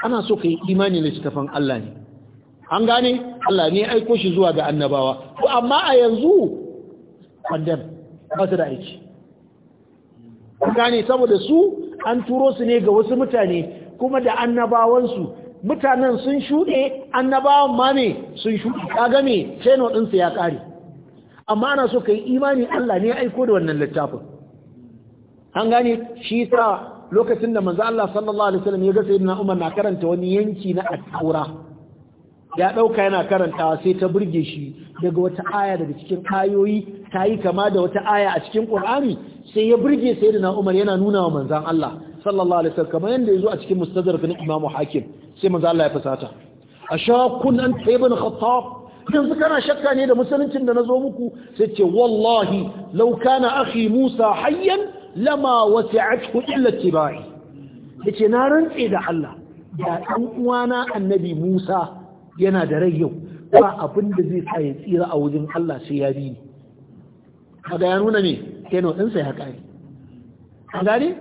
ana so ka yi imani littattafan Allah ne an gane Allah ne aiko shi zuwa ga annabawa to amma a yanzu kwandam ba su da aiki an gane saboda su an turo su ne ga wasu mutane kuma da annabawansu mutanen sun shuɗe annabawan ma ne sun shuɗe kaga me ya ƙare amma ana so ka yi imani Allah ne ya aiko da wannan littafin an gane shi sa lokacin da manzo Allah sallallahu alaihi wasallam ya ga sayyidina Umar na karanta wani yanki na at-Taura ya dauka yana karanta sai ta burge shi daga wata aya daga cikin ayoyi ta yi kama da wata aya a cikin Qur'ani sai ya burge sayyidina Umar yana nuna wa manzon Allah sallallahu alaihi wasallam kamar yanda yazo a cikin Mustadrak na Imam Hakim sai manzo Allah ya fasata ashakun an ibn Khattab yanzu kana shakka ne da musuluncin da na zo muku sai ce wallahi lauka na akhi Musa hayyan lama wasi'athu illa tibai yace na rantse da Allah da dan uwana annabi Musa yana da rai yau ba abin da zai sa ya tsira a wajen Allah sai ya bi ni ya nuna ne keno din ya kare an gane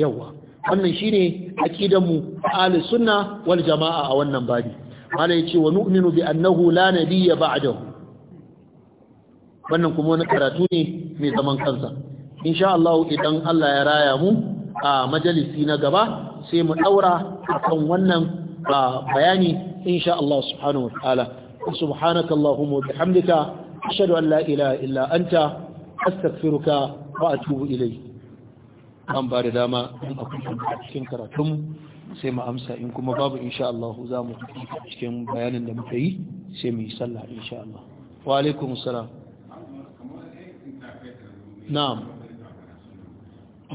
yawa wannan shine akidan mu a sunna wal jamaa a wannan babi mala yace wa nu'minu bi annahu la nabiyya ba'dahu wannan kuma wani karatu ne mai zaman kansa insha Allah idan Allah ya raya mu a majalisi na gaba sai mu daura akan wannan bayani insha Allah subhanahu wa ta'ala subhanaka allahumma wa bihamdika ashhadu an la ilaha illa anta astaghfiruka wa atubu ilayk an ba dama in cikin sai mu amsa in kuma babu insha Allah za mu cikin bayanin da muka yi sai mu yi sallah insha Allah wa alaikum salam na'am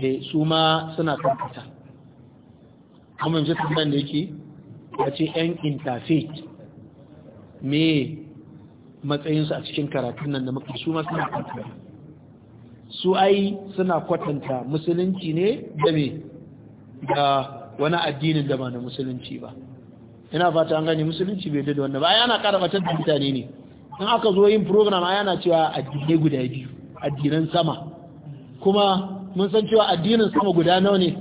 eh su ma suna kuma in ji tambayar da yake a ce yan interfaith me matsayinsu a cikin karatun nan da muka su ma suna karkata su ai suna kwatanta musulunci ne da me da wani addinin da ba na musulunci ba ina fata an gani musulunci bai da wannan ba ai ana kara batar da mutane ne in aka zo yin program ai ana cewa addinai guda biyu addinan sama kuma mun san cewa addinin sama guda nawa ne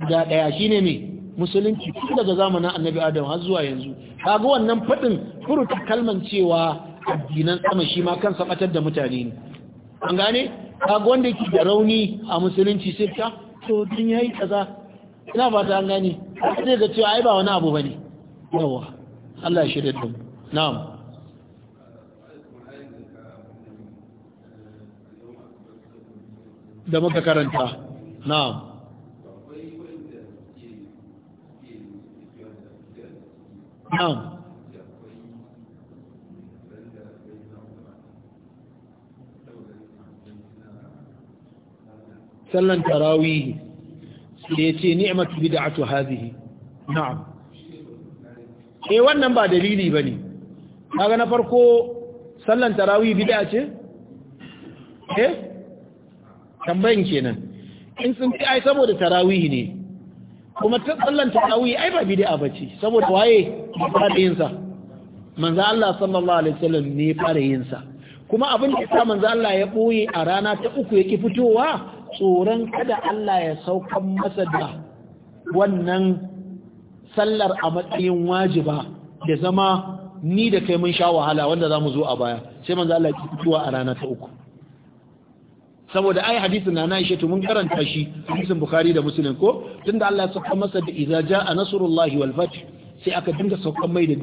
guda daya shine ne musulunci tun daga zamanin annabi adam har zuwa yanzu kaga wannan fadin furuta kalman cewa addinan sama shi ma kansa batar da mutane ne an gane kaga wanda yake da rauni a musulunci sai ta to din yayi kaza ina ba ta gani sai ga cewa ai ba wani abu bane yawa Allah ya shirye da mu na'am da muka karanta na'am na'am sallan tarawihi ya ce ni'matu bid'atu hadhihi na'am eh wannan ba dalili bane kaga na farko sallan tarawih bid'a ce eh tambayin kenan in sun ci ai saboda tarawih ne kuma ta sallan tarawih ai ba bid'a bace saboda waye fara yin sa manzo Allah sallallahu alaihi wasallam ne fara yin sa kuma abin da ya sa manzo Allah ya boye a rana ta uku yake fitowa tsoron kada Allah ya saukan masa da wannan sallar a matsayin wajiba da zama ni da kai mun sha wahala wanda za mu zo a baya sai manzo Allah ya fitowa a rana ta uku saboda ai hadisin na na ishe to mun karanta shi hadisin bukhari da muslim ko tunda Allah ya sauka masa da idza jaa nasrullahi wal fath sai aka dinga saukan mai da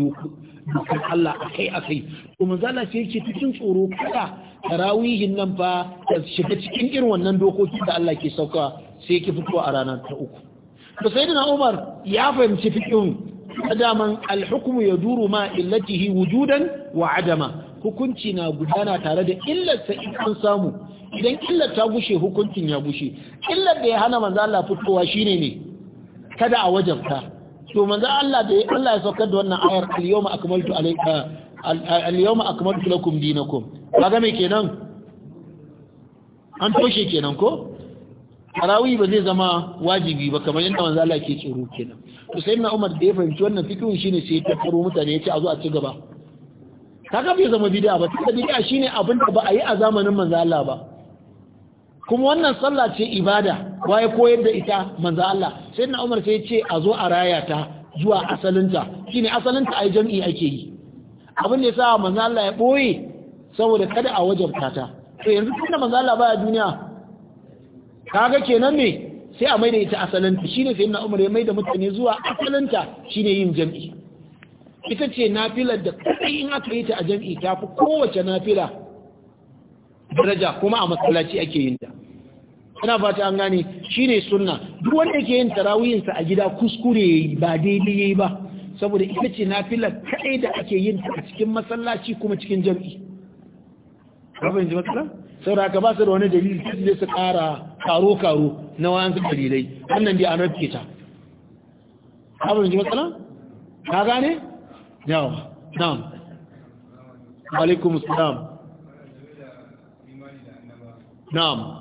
dukkan Allah akai akai to manzo Allah yake cikin tsoro kada tarawihin nan fa ta shiga cikin irin wannan dokoki da Allah ke sauka sai yake fitowa a rana ta uku to sayyidina Umar ya fahimci fikin adaman al ya yaduru ma illatihi wujudan wa adama hukunci na gudana tare da illarsa in an samu idan illar ta gushe hukuncin ya gushe illar da ya hana manzala fitowa shine ne kada a wajabta to manzo Allah da Allah ya saukar da wannan ayar al-yawma akmaltu alayka al-yawma akmaltu lakum dinakum kaga me kenan an toshe kenan ko Arawi ba zai zama wajibi ba kamar yadda manzo Allah ke tsoro kenan to sai na Umar da ya fahimci wannan fikihun shine sai ya tafaro mutane ya ce a zo a ci gaba kaga bai zama bid'a ba tunda bid'a shine abin da ba a yi a zamanin manzo Allah ba kuma wannan sallah ce ibada waye koyar da ita manzo Allah sai na Umar sai ce a zo a raya ta zuwa asalinta shine asalinta ai jami'i ake yi abin da yasa manzo Allah ya boye saboda kada a wajabta ta to yanzu tunda manzo Allah baya duniya kaga kenan ne sai a maida ita asalinta shine sai na Umar ya maida mutane zuwa asalinta shine yin jami'i ita ce nafilar da kai in aka yi ta a jami'i fi kowace nafila daraja kuma a masallaci ake yin ta ina fata an gane shi ne sunna duk wanda yake yin tarawiyinsa a gida kuskure ba daidai yi ba saboda ita ce na fila kaɗai da ake yin ta a cikin masallaci kuma cikin jam'i rabin ji matsala saboda haka ba su da wani dalili su zai su ƙara karo karo na wayan su dalilai wannan dai an rafke ta rabin ji matsala ka gane yawa na'am alaikum salam na'am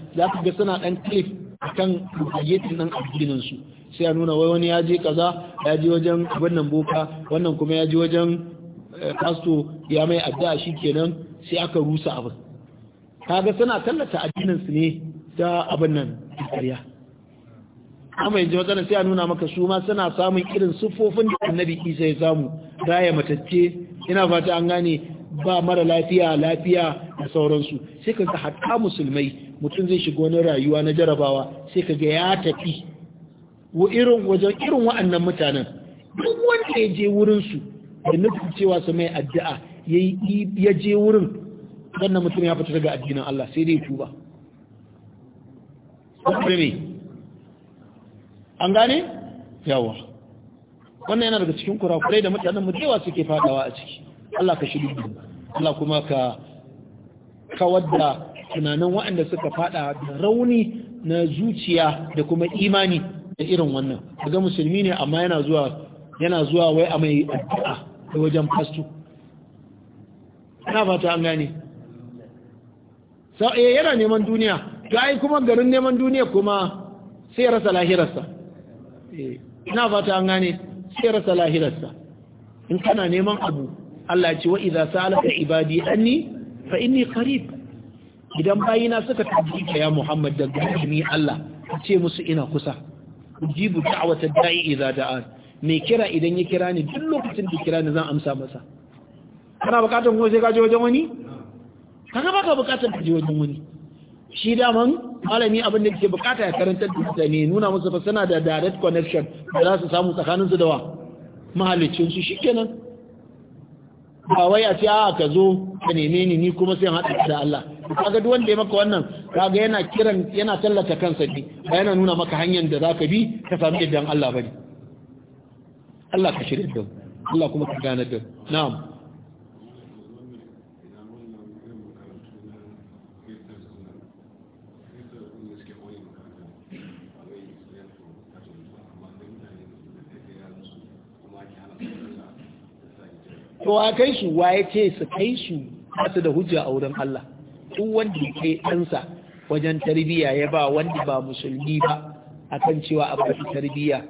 za ka ga suna ɗan clip akan ayyukan nan addinin su sai a nuna wai wani ya je kaza ya je wajen wannan boka wannan kuma ya je wajen eh, pasto ya mai addu'a kenan sai aka rusa abin kaga suna tallata addinin su ne ta abin nan ƙarya amma yanzu matsalar sai a nuna maka su ma suna samun irin siffofin da annabi isa ya samu raya matacce ina fata an gane ba mara lafiya lafiya da sauransu sai ka ga hatta musulmai mutum zai shiga wani rayuwa na jarabawa sai ka ga ya tafi wa irin wajen irin wa'annan mutanen duk wanda ya je wurin su da nufin cewa su mai addu'a ya je wurin wannan mutum ya fita daga addinin Allah sai dai tuba an gane yawa wannan yana daga cikin kurakurai da mutanen mu cewa suke fadawa a ciki Allah ka shirin Allah kuma ka kawar da tunanin waɗanda suka fada da rauni na zuciya da kuma imani da irin wannan daga musulmi ne amma yana zuwa yana zuwa wai a mai addu'a da wajen fasto ana fata an gane sa'aye eh, yana neman duniya to ai kuma garin neman duniya kuma sai rasa lahirarsa eh, ina fata an gane sai rasa lahirarsa in kana neman abu Allah ce wa idza sa'alaka ibadi anni fa inni qarib idan bayina suka tambaye ka ya Muhammad da gani Allah ce musu ina kusa ujibu wata da'i idan da'an me kira idan ya kira ni duk lokacin da kira ni zan amsa masa kana bukatar kuma sai ka je wajen wani kaga baka bukatar ka je wajen wani shi daman malami abin da yake bukata ya karanta da mutane nuna musu fa suna da direct connection da za su samu tsakanin su da wa mahallicin su shikenan ba wai a ce a ka zo ka neme ni ni kuma sai an haɗa da Allah kaga duk wanda ya maka wannan kaga yana kiran yana tallata kansa ne ba yana nuna maka hanyar da zaka bi ka samu yaddan Allah bane Allah ka shirye da Allah kuma ka gane da na'am To wa kai su wa ya ce su kai su ba su da hujja a wurin Allah duk wanda ya ke ɗansa wajen tarbiyya ya ba wanda ba musulmi ba akan cewa a baki tarbiyya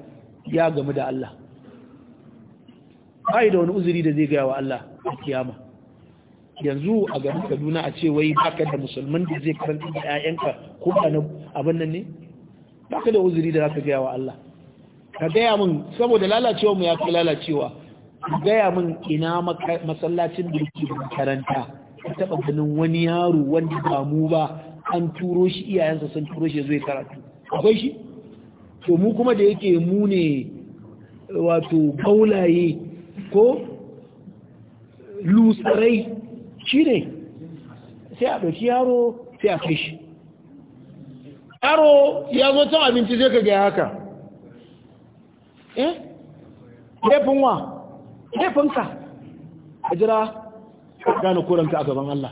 ya gamu da Allah bai da wani uzuri da zai gaya wa Allah a kiyama yanzu a garin Kaduna a ce wai baka da musulman da zai karanta da ƴaƴanka ko ba abin nan ne baka da uzuri da zaka gaya wa Allah ka gaya min saboda lalacewa mu ya fi lalacewa Ka gaya min ina masallacin da yake da makaranta ka taba ganin wani yaro wanda ba mu ba an turo shi iyayensa sun turo shi zai karatu akwai shi to mu kuma da yake mu ne wato gaulaye ko lusarai shi ne sai a ɗauki yaro sai a kai shi yaro ya zo cin abinci zai ka gaya haka eh laifin wa laifinka a jira gane kuranka a gaban Allah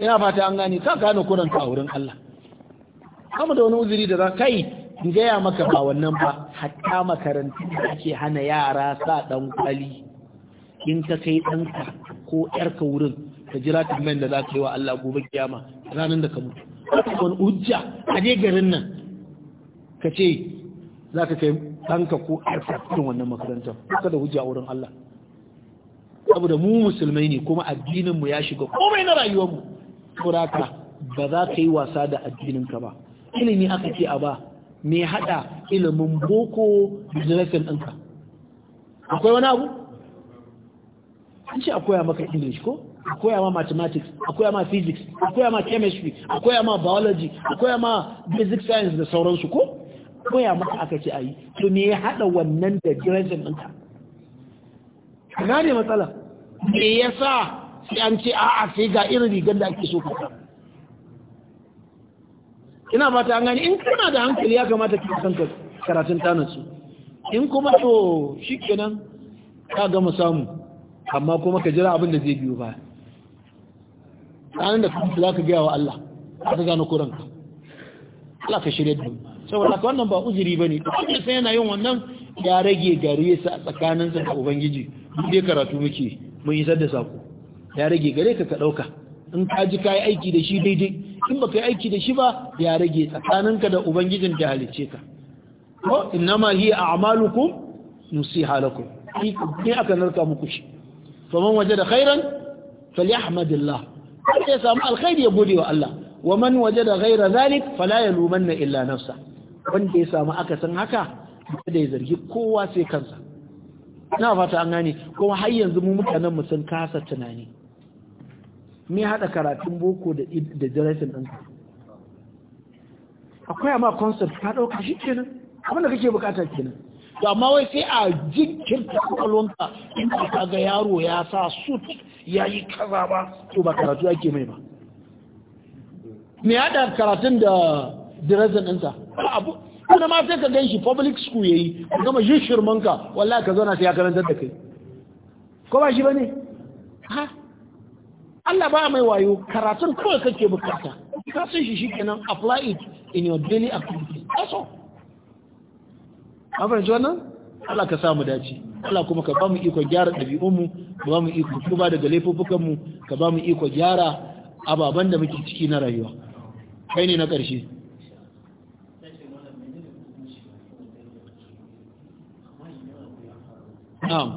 ina fata an gane ka gane kuranka a wurin Allah kama da wani uzuri da za kai in gaya maka ba wannan ba hatta makarantu da ake hana yara sa dan kwali in ka kai ɗanka ko ƴarka wurin ka jira tambayin da za ka yi wa Allah gobe kiyama ranar da ka mutu wani hujja a je garin nan ka ce za ka kai ɗanka ko ƴarka cikin wannan makarantar ka da hujja a wurin Allah saboda mu musulmai ne kuma addininmu ya shiga komai na rayuwarmu saboda ba za ka yi wasa da addininka ba ilimi aka ce a ba me hada ilimin boko businessin ɗinka akwai wani abu an ce akwai maka english ko akwai ma mathematics akwai ma physics akwai ma chemistry akwai ma biology akwai ma basic science da sauransu ko akwai maka aka ce ayi to me ya hada wannan da businessin ɗinka ina ne matsala me yasa sai an ce a sai ga irin rigar da ake so kasa ina ba ta gani in kuna da hankali ya kamata ki san karatun tanatsu in kuma to shikenan ka gama samu amma kuma ka jira abin da zai biyo ba ranar da kuma za ka gaya wa Allah ka gano kuranka Allah ka shirya da saboda ka wannan ba uzuri ba ne da sai yana yin wannan ya rage gare sa a tsakaninsa da ubangiji duk dai karatu muke mun yi da sako ya rage gare ka ka ɗauka in ka ji ka yi aiki da shi daidai in ba ka yi aiki da shi ba ya rage tsakaninka da ubangijin da halicce ka ko ma hiya a'malukum nusiha lakum ne aka narka muku shi man wajada khairan falyahmadillah wanda ya samu alkhairi ya gode wa Allah wa man wajada ghaira zalik fala yalumanna illa nafsa wanda ya samu akasin haka da ya zargi kowa sai kansa na fata an gane kuma har yanzu mu mutanen mu sun kasa tunani me hada karatun boko da da darasin din akwai amma concept ka dauka shi kenan abin da kake bukata kenan to amma wai sai a jinkirta kwakwalwanka in ka ga yaro ya sa suit ya yi kaza ba to ba karatu ake mai ba me hada karatun da darasin ɗinsa abu wani ma sai ka gan shi public school yayi ka gama shi shirmanka wallahi ka zauna sai ya karantar da kai ko ba shi bane ha Allah ba mai wayo karatun kawai kake bukata ka san shi shikenan apply it in your daily activity that's all abin wannan Allah ka samu dace Allah kuma ka ba mu iko gyara ɗabi'unmu ka ba mu iko tuba daga mu ka ba mu iko gyara ababan da muke ciki na rayuwa kai ne na ƙarshe na'am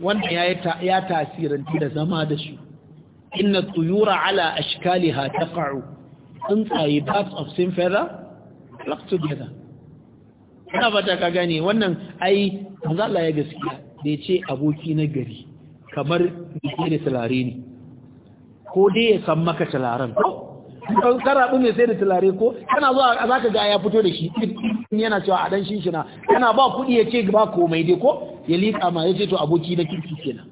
wanda ya tasirantu da zama da shi. inna tuyura ala ashkaliha taqa'u tsuntsaye parts of same feather flock together ba ta ka gani. wannan ai manzo Allah ya gaskiya da yace aboki na gari kamar yake da ne ko dai ya san maka talaren ko karaɗu mai sai da tulare ko kana zuwa a zaka ga ya fito da shi yana cewa a dan shishina kana ba kuɗi ya ce ba komai dai ko ya liƙa ma ya ce to aboki na kirki kenan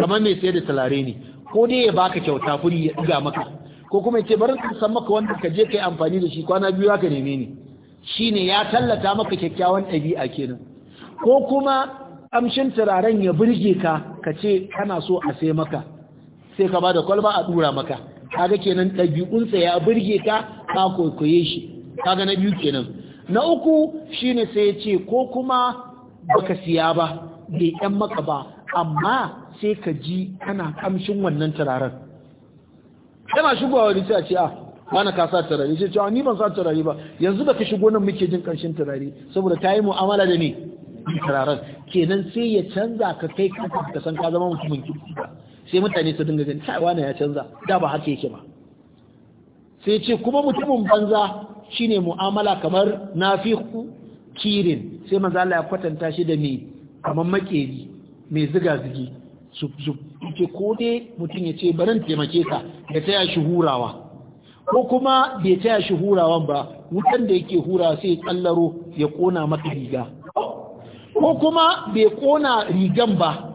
kamar mai sai da tulare ne ko dai ya baka kyauta kuɗi ya ɗiga maka ko kuma ya ce bari ka san maka wanda ka je ka yi amfani da shi kwana biyu ka neme ni ne ya tallata maka kyakkyawan ɗabi'a kenan ko kuma amshin turaren ya birge ka ka ce kana so a sai maka sai ka ba da kwalba a ɗura maka kaga kenan ɗabi'unsa ya burge ka ka kwaikwaye shi kaga na biyu kenan na uku shine sai ya ce ko kuma baka siya ba bai yan maka ba amma sai ka ji kana kamshin wannan turaren yana shigowa wani sai a ce a ah, bana ka sa turare sai cewa ni ban sa turare ba yanzu da ka shigo nan muke jin kamshin turare saboda ta yi mu'amala da ni turaren kenan sai ya canza ka kai kanka ka san ka zama mutumin kirki ba sai mutane su dinga gani kai wani ya canza da ba haka yake ba sai ce kuma mutumin banza shine mu'amala kamar nafiqu kirin sai manzo Allah ya kwatanta shi da me kamar makeri mai ziga zigi zub zub ko dai mutum ya ce barin taimake ka ya taya shi hurawa ko kuma bai taya shi hurawan ba wutan da yake hura sai tsallaro ya kona maka riga ko kuma bai kona rigan ba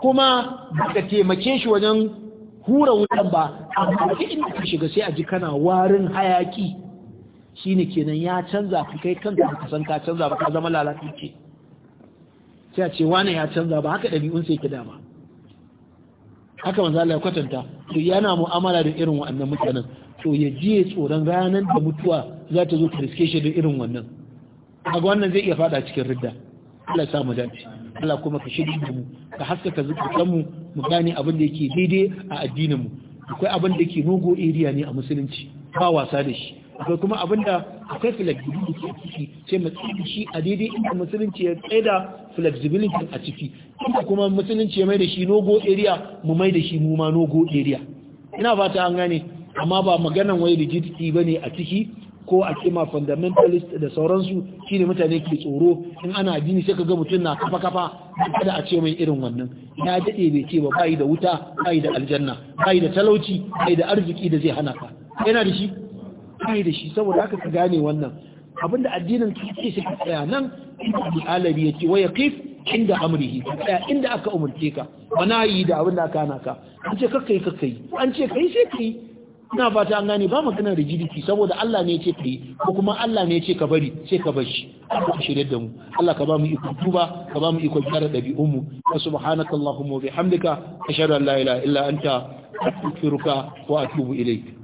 kuma baka taimake shi wajen hura wutan ba amma duk inda ka shiga sai a ji kana warin hayaki shine kenan ya canza ka kai kanka ka san ka canza ba ka zama lalatacce sai a ce wani ya canza ba haka ɗabi'un sai ki dama. haka manzo Allah ya kwatanta to yana mu'amala da irin wannan mutanen to ya jiye tsoron ranar da mutuwa za ta zo ta riske shi da irin wannan kaga wannan zai iya fada cikin ridda Allah ya sa mu dace Allah kuma ka shirya da mu ka haskaka zukatan mu mu gane abin da yake daidai a addinin mu akwai abin da yake nogo area ne a musulunci ba wasa da shi akwai kuma abin da akwai flexibility a ciki ce mu tsaya shi a daidai inda musulunci ya tsaya da flexibility a ciki inda kuma musulunci ya mai da shi nogo area mu mai da shi mu ma nogo area ina fata an gane amma ba maganan wai rigidity bane a ciki ko a kima fundamentalist da sauransu shine mutane ke tsoro in ana addini sai ga mutum na kafa kafa kada a ce mai irin wannan ya dade bai ce ba bai da wuta bai da aljanna bai da talauci bai da arziki da zai hana ka yana da shi bai da shi saboda haka ka gane wannan abinda addinin ke ce shi tsaya nan bi alabi yake waya yaqif inda amrihi tsaya inda aka umurce ka wana yi da abinda aka hana ka an ce kakkai kakkai an ce kai sai kai ina fata an gane ba maganar rigidity saboda Allah ne ce kai ko kuma Allah ne ce ka bari sai ka bar shi Allah ka shirye da mu Allah ka ba mu iko tuba ka ba mu iko gyara dabi'un mu subhanakallahumma wa bihamdika ashhadu an la ilaha illa anta astaghfiruka wa atubu ilayk